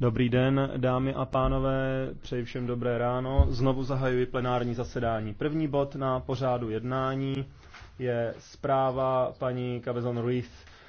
Dobrý den, dámy a pánové, přeji všem dobré ráno. Znovu zahajuji plenární zasedání. První bod na pořádu jednání je zpráva paní Cabezon Ruiz